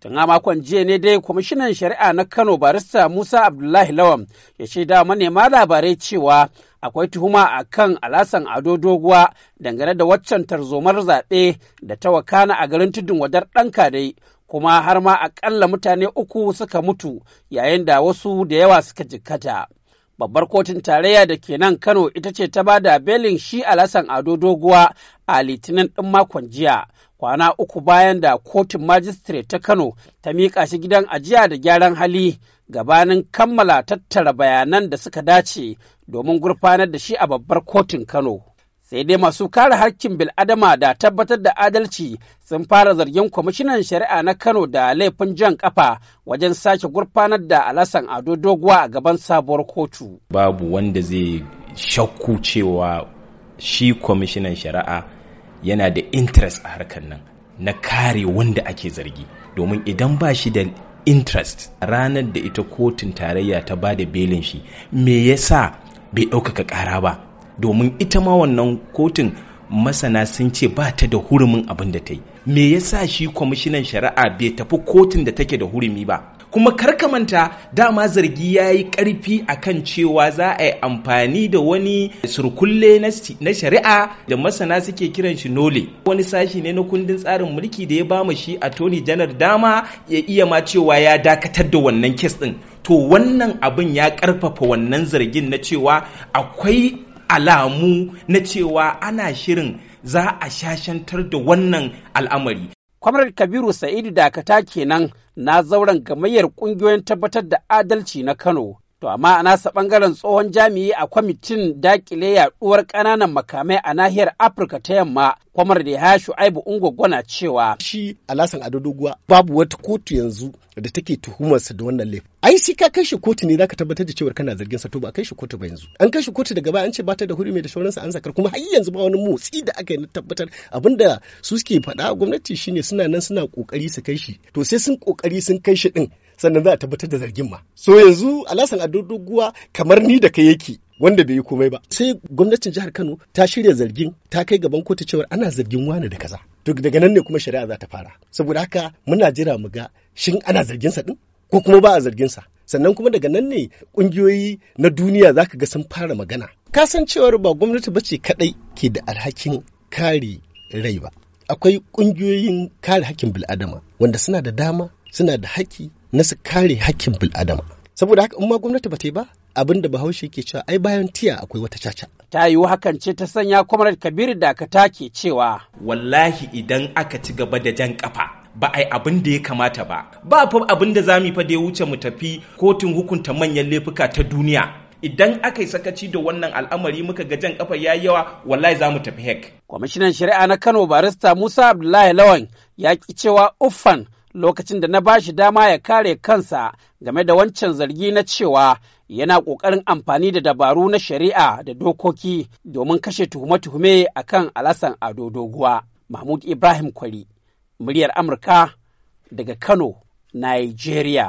Tun a makon jiya ne dai kwamishinan shari'a na Kano barista Musa Abdullahi Lawan ya shaida manema labarai cewa akwai tuhuma a kan alasan ado doguwa dangane da waccan tarzomar zaɓe da ta wakana a garin tudun wadar ɗanka dai kuma har ma akalla mutane uku suka mutu yayin da wasu da yawa suka jikkata. babbar kotun tarayya da ke nan kano ita ce ta ba da belin shi a alasan ado doguwa a litinin ɗin makon jiya kwana uku bayan da kotun majistare ta kano ta miƙa shi gidan ajiya da gyaran hali gabanin kammala tattara bayanan da suka dace domin gurfanar da shi a babbar kotun kano sai dai masu kare harkin bil'adama da tabbatar da adalci sun fara zargin kwamishinan shari'a na kano da laifin jan kafa wajen sake gurfanar da alasan ado doguwa a gaban sabuwar kotu babu wanda zai shakku cewa shi kwamishinan shari'a yana da interest a harkar nan na kare wanda ake zargi domin idan ba shi da interest ranar da ita kotun tarayya ta ba da belin shi me yasa bai ɗaukaka ƙara ba domin ita ma wannan kotun masana sun ce ba ta da hurumin abin da ta yi me yasa shi kwamishinan shari'a bai tafi kotun da take da hurumi ba kuma karkamanta dama zargi ya yi karfi kan cewa za a yi amfani da wani surkulle na shari'a da masana suke kiran shi nole wani sashi ne na kundin tsarin mulki da ya bama shi a toni janar dama ya iya ma cewa ya dakatar da wannan kes ɗin. to wannan abin ya karfafa wannan zargin na cewa akwai alamu na cewa ana shirin za a shashantar da wannan al'amari. Kwamrar Kabiru Sa'idu Dakata kenan na zauren gamayyar ƙungiyoyin tabbatar da adalci na Kano To amma a nasa ɓangaren tsohon jami'i a kwamitin dakile yaɗuwar ƙananan makamai a nahiyar Afirka ta yamma kwamar da ya shu'aibu ungwaggwana cewa shi alasan adodoguwa babu wata kotu yanzu da take tuhumarsa da wannan laifin ai shi ka kai shi kotu ne zaka tabbatar da cewar kana zargin sa to a kai shi kotu ba yanzu an kai shi kotu daga baya an ce bata da mai da shauransa an zakar kuma har yanzu ba wani motsi da aka yi na tabbatar abinda su suke faɗa gwamnati shine suna nan suna kokari su kai shi to sai sun kokari sun kai shi ɗin sannan za a tabbatar da zargin ma so yanzu alasan ado kamar ni da kai yake wanda bai yi komai ba sai gwamnatin jihar kano ta shirya zargin ta kai gaban kotu cewar ana zargin wani da kaza duk daga nan ne kuma shari'a za ta fara saboda haka muna jira mu ga shin ana zargin sa din ko kuma ba a zargin sa sannan kuma daga nan ne kungiyoyi na duniya zaka ga sun fara magana kasancewar ba gwamnati bace kadai ke da alhakin kare rai ba akwai kungiyoyin kare hakkin bil'adama wanda suna da dama suna da haƙƙi na su kare hakkin bil'adama saboda haka in ma gwamnati ba ta yi ba abin da bahaushe ke cewa ai bayan tiya akwai wata caca. Ta yiwu hakan ce ta sanya kwamar Kabiru Dakata ke cewa. Wallahi idan aka ci gaba da jan kafa ba ai abin da ya kamata ba. Ba fa abin da zamu fa da ya wuce mu tafi kotun hukunta manyan laifuka ta duniya. Idan aka yi sakaci da wannan al'amari muka ga jan kafa yayi yawa wallahi za mu tafi hek. Kwamishinan shari'a na Kano barista Musa Abdullahi Lawan ya ki cewa uffan lokacin da na ba shi dama ya kare kansa game da wancan zargi na cewa yana ƙoƙarin amfani da dabaru na shari'a da dokoki domin kashe tuhume-tuhume a kan alasan ado doguwa. Mahmud Ibrahim Kwari, muryar Amurka daga Kano, Nigeria.